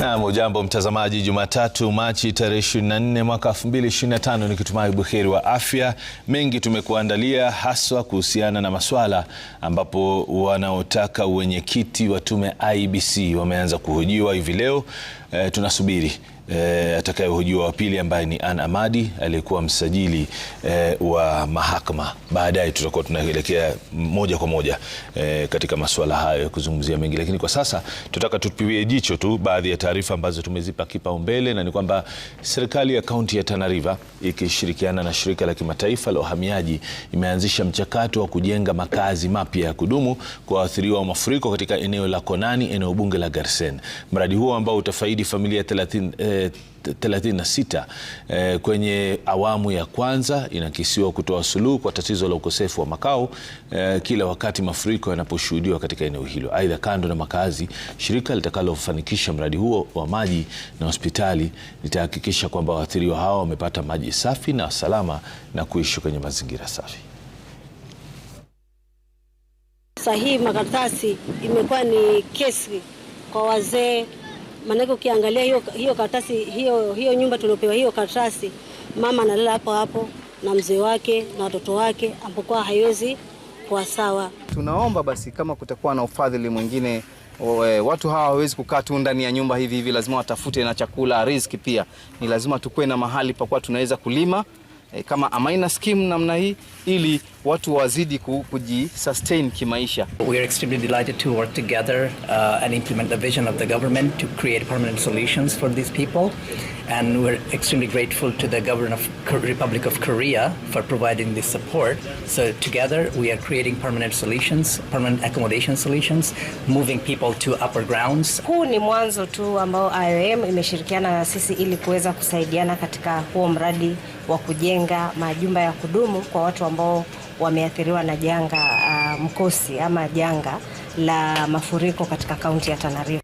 Naam, ujambo mtazamaji, Jumatatu Machi tarehe 24 mwaka 2025, nikitumai buheri wa afya. Mengi tumekuandalia haswa kuhusiana na maswala ambapo wanaotaka uwenyekiti wa tume IEBC wameanza kuhojiwa hivi leo eh, tunasubiri eh, atakayehojiwa wa pili ambaye ni Anne Amadi aliyekuwa msajili eh, wa mahakama. Baadaye tutakuwa tunaelekea moja kwa moja eh, katika masuala hayo ya kuzungumzia mengi, lakini kwa sasa tutaka tupiwie jicho tu baadhi ya taarifa ambazo tumezipa kipaumbele, na ni kwamba serikali ya kaunti ya Tana River ikishirikiana na shirika la kimataifa la uhamiaji imeanzisha mchakato wa kujenga makazi mapya ya kudumu kwa waathiriwa wa mafuriko katika eneo la Konani, eneo bunge la Garsen. Mradi huo ambao utafaidi zaidi familia 30, eh, 36 eh, kwenye awamu ya kwanza inakisiwa kutoa suluhu kwa tatizo la ukosefu wa makao eh, kila wakati mafuriko yanaposhuhudiwa katika eneo hilo. Aidha, kando na makazi, shirika litakalofanikisha mradi huo wa maji na hospitali litahakikisha kwamba waathiriwa hawa wamepata maji safi na salama na kuishi kwenye mazingira safi. Sahihi makaratasi imekuwa ni kesi kwa wazee maanake ukiangalia hiyo, hiyo karatasi hiyo, hiyo nyumba tuliopewa hiyo karatasi, mama analala hapo hapo na mzee wake na watoto wake, ampokuwa haiwezi kuwa sawa. Tunaomba basi kama kutakuwa na ufadhili mwingine watu hawa hawawezi kukaa tu ndani ya nyumba hivi hivi, lazima watafute na chakula, riziki pia. Ni lazima tukuwe na mahali pakuwa tunaweza kulima eh, kama amaina scheme namna hii ili watu wazidi kujisustain kimaisha. We are extremely delighted to work together uh, and implement the vision of the government to create permanent solutions for these people and we're extremely grateful to the government of Republic of Korea for providing this support. So together we are creating permanent solutions, permanent accommodation solutions, moving people to upper grounds. Huu ni mwanzo tu ambao IOM imeshirikiana na sisi ili kuweza kusaidiana katika huo mradi wa kujenga majumba ya kudumu kwa watu ambao wameathiriwa na janga uh, mkosi ama janga la mafuriko katika kaunti ya Tana River.